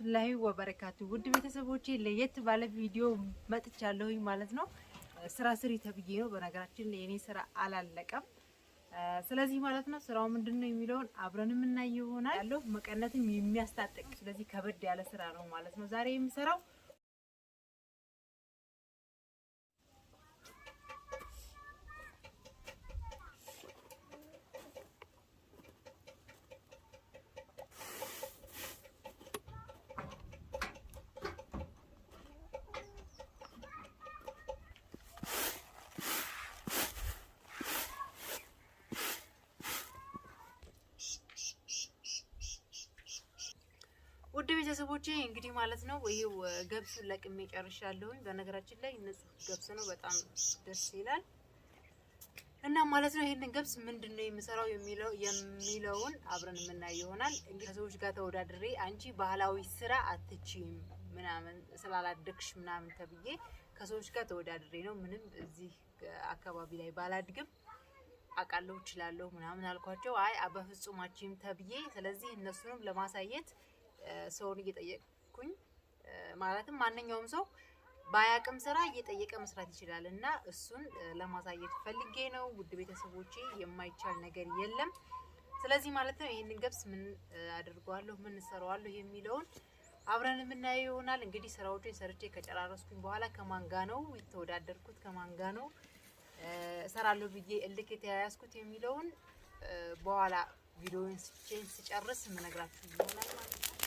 ወራህመቱላሂ ወበረካቱ ውድ ቤተሰቦቼ ለየት ባለ ቪዲዮ መጥቻለሁ ማለት ነው። ስራ ስሪ ተብዬ ነው። በነገራችን የኔ ስራ አላለቀም። ስለዚህ ማለት ነው ስራው ምንድን ነው የሚለውን አብረን የምናይ ይሆናል። ያለው መቀነትም የሚያስታጥቅ ስለዚህ ከበድ ያለ ስራ ነው ማለት ነው ዛሬ የምሰራው ቤተሰቦቼ እንግዲህ ማለት ነው ይሄው ገብሱን ለቅሜ ጨርሻለሁኝ። በነገራችን ላይ ንጹህ ገብስ ነው፣ በጣም ደስ ይላል። እና ማለት ነው ይህንን ገብስ ምንድን ነው የምሰራው የሚለው የሚለውን አብረን የምናየው ይሆናል። እንግዲህ ከሰዎች ጋር ተወዳድሬ አንቺ ባህላዊ ስራ አትችይም ምናምን ስላላደግሽ ምናምን ተብዬ ከሰዎች ጋር ተወዳድሬ ነው ምንም እዚህ አካባቢ ላይ ባላድግም አውቃለሁ እችላለሁ ምናምን አልኳቸው። አይ በፍጹማችም ተብዬ ስለዚህ እነሱንም ለማሳየት ሰውን እየጠየቅኩኝ ማለትም ማንኛውም ሰው በአያቅም ስራ እየጠየቀ መስራት ይችላል እና እሱን ለማሳየት ፈልጌ ነው። ውድ ቤተሰቦቼ የማይቻል ነገር የለም። ስለዚህ ማለት ነው ይህንን ገብስ ምን አድርገዋለሁ፣ ምን እሰራዋለሁ የሚለውን አብረን የምናየው ይሆናል። እንግዲህ ስራዎችን ሰርቼ ከጨራረስኩኝ በኋላ ከማንጋ ነው የተወዳደርኩት፣ ከማንጋ ነው እሰራለሁ ብዬ እልክ የተያያዝኩት የሚለውን በኋላ ቪዲዮውን ስጨርስ የምነግራችሁ ይሆናል ማለት ነው።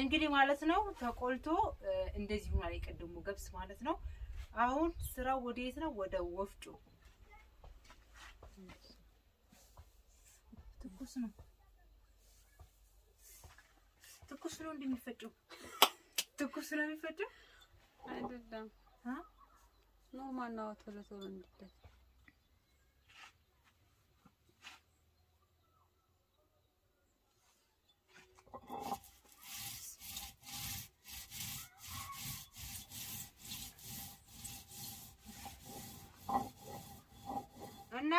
እንግዲህ ማለት ነው ተቆልቶ እንደዚህ ሆኗል። የቀደሙ ገብስ ማለት ነው። አሁን ስራው ወደ የት ነው? ወደ ወፍጮ። ትኩስ ነው፣ ትኩስ ነው እንደሚፈጨው፣ ትኩስ ነው የሚፈጨው አይደለም። ኖ ማናወት ቶሎ ቶሎ እንድትደርስ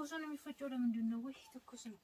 ትኩሱን የሚፈጨው ለምንድን ነው? ወይ ትኩስ ነው።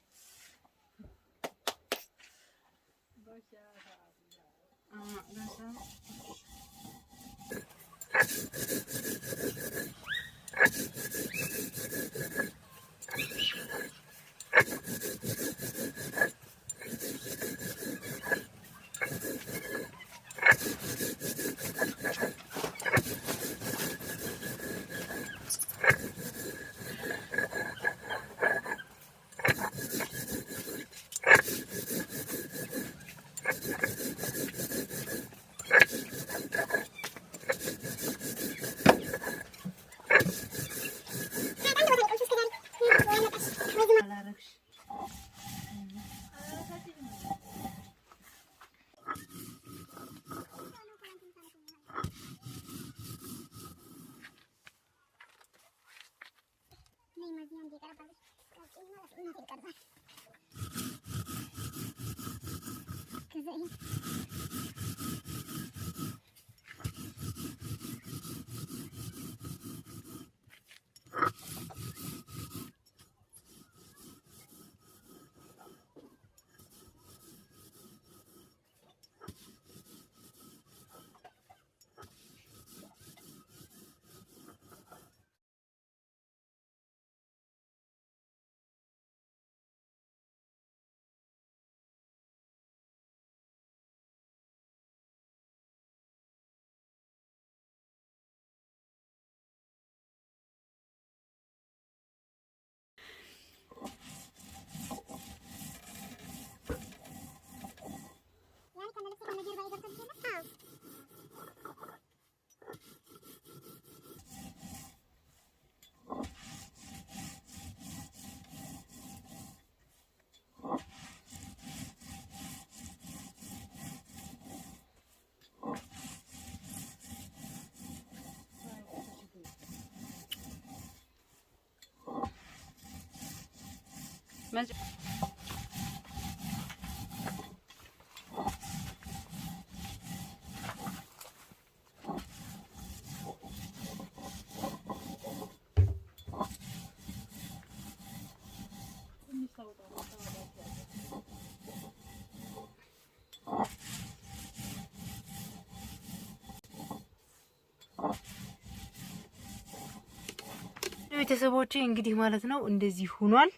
imagínate ini di para etmez. ቤተሰቦቼ እንግዲህ ማለት ነው እንደዚህ ሆኗል።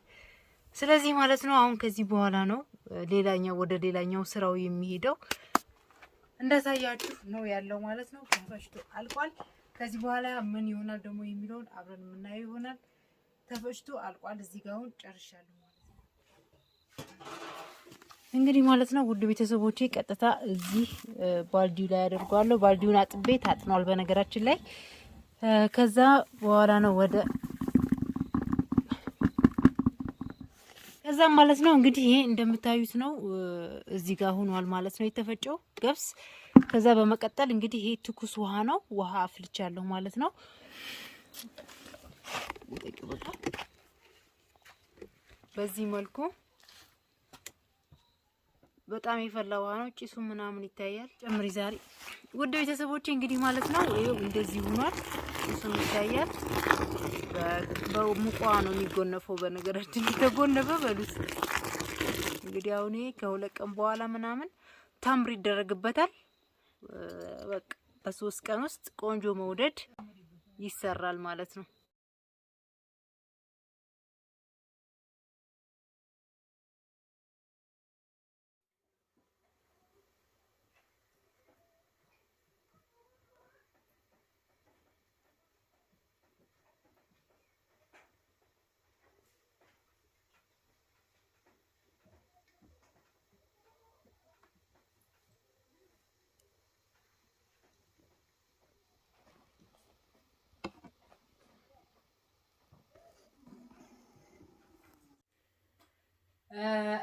ስለዚህ ማለት ነው አሁን ከዚህ በኋላ ነው ሌላኛው ወደ ሌላኛው ስራው የሚሄደው እንደታያችሁ ነው ያለው ማለት ነው። ተፈጭቶ አልቋል። ከዚህ በኋላ ምን ይሆናል ደግሞ የሚለውን አብረን የምናየው ይሆናል። ተፈጭቶ አልቋል። እዚህ ጋር አሁን ጨርሻለሁ ማለት ነው። እንግዲህ ማለት ነው ውድ ቤተሰቦቼ ቀጥታ እዚህ ባልዲው ላይ አደርገዋለሁ። ባልዲውን አጥቤ ታጥኗል በነገራችን ላይ ከዛ በኋላ ነው ወደ ከዛም ማለት ነው እንግዲህ ይሄ እንደምታዩት ነው እዚህ ጋር ሆኗል ማለት ነው የተፈጨው ገብስ። ከዛ በመቀጠል እንግዲህ ይሄ ትኩስ ውሃ ነው። ውሃ አፍልቻለሁ ማለት ነው። በዚህ መልኩ በጣም የፈላ ውሃ ነው። ጭሱ ምናምን ይታያል። ጨምሪ ዛሬ ውድ ቤተሰቦቼ እንግዲህ ማለት ነው ይሄው እንደዚህ ሆኗል። ጭሱም ይታያል። በሙቋ ነው የሚጎነፈው። በነገራችን የተጎነበ በሉት እንግዲህ አሁን ይሄ ከሁለት ቀን በኋላ ምናምን ተምር ይደረግበታል። በቃ በሶስት ቀን ውስጥ ቆንጆ መውደድ ይሰራል ማለት ነው።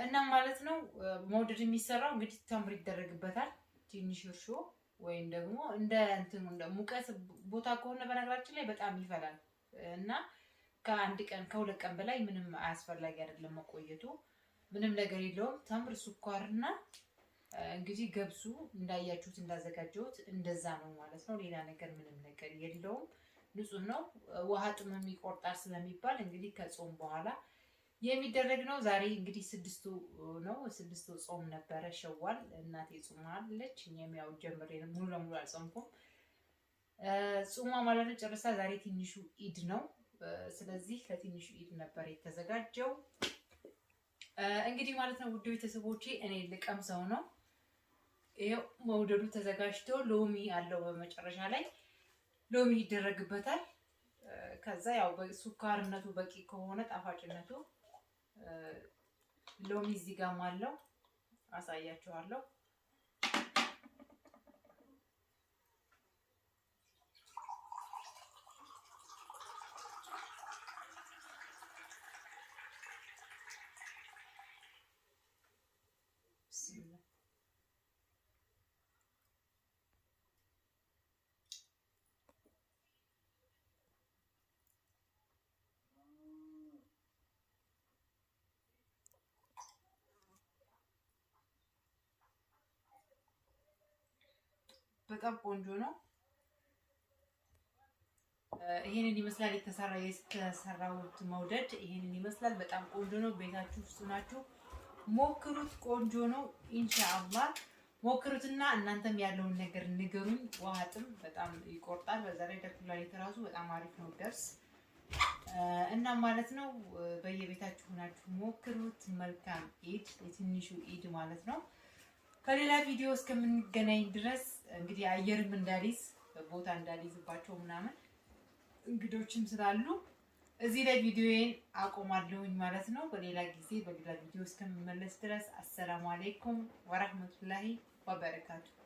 እና ማለት ነው መውደድ የሚሰራው እንግዲህ ተምር ይደረግበታል። ትንሽ እርሾ ወይም ደግሞ እንደ እንትኑ እንደ ሙቀት ቦታ ከሆነ በነገራችን ላይ በጣም ይፈላል እና ከአንድ ቀን ከሁለት ቀን በላይ ምንም አያስፈላጊ አይደለም መቆየቱ። ምንም ነገር የለውም። ተምር፣ ስኳርና እንግዲህ ገብሱ እንዳያችሁት እንዳዘጋጀሁት እንደዛ ነው ማለት ነው። ሌላ ነገር ምንም ነገር የለውም። ንጹህ ነው። ውሃ ጥምም ይቆርጣል ስለሚባል እንግዲህ ከጾም በኋላ የሚደረግ ነው። ዛሬ እንግዲህ ስድስቱ ነው ስድስቱ ጾም ነበረ ሸዋል። እናቴ ጾማለች። እኔም ያው ጀምሬ ሙሉ ለሙሉ አልጾምኩም ጾማ ማለት ነው ጨርሳ። ዛሬ ትንሹ ኢድ ነው። ስለዚህ ለትንሹ ኢድ ነበር የተዘጋጀው እንግዲህ ማለት ነው። ውድ ቤተሰቦቼ እኔ ልቀም ሰው ነው። ይኸው መውደዱ ተዘጋጅቶ ሎሚ አለው በመጨረሻ ላይ ሎሚ ይደረግበታል። ከዛ ያው በሱካርነቱ በቂ ከሆነ ጣፋጭነቱ ሎሚ እዚህ ጋር አለው አሳያችኋለሁ። በጣም ቆንጆ ነው። ይህንን ይመስላል የተሰራ የተሰራውት መውደድ ይህንን ይመስላል። በጣም ቆንጆ ነው። ቤታችሁ ውስጥ ናችሁ ሞክሩት። ቆንጆ ነው። ኢንሻአላህ ሞክሩትና እናንተም ያለውን ነገር ንገሩኝ። ዋጥም በጣም ይቆርጣል። በዛ ላይ ደኩላሊት ራሱ በጣም አሪፍ ነው ደርስ እና ማለት ነው። በየቤታችሁ ሆናችሁ ሞክሩት። መልካም ኢድ፣ የትንሹ ኢድ ማለት ነው። በሌላ ቪዲዮ እስከምንገናኝ ድረስ እንግዲህ አየርም እንዳልይዝ ቦታ እንዳልይዝባቸው ምናምን እንግዶችም ስላሉ እዚህ ላይ ቪዲዮዬን አቆማለሁኝ ማለት ነው። በሌላ ጊዜ በሌላ ቪዲዮ እስከምመለስ ድረስ አሰላሙ አሌይኩም ወራህመቱላሂ ወበረካቱሁ።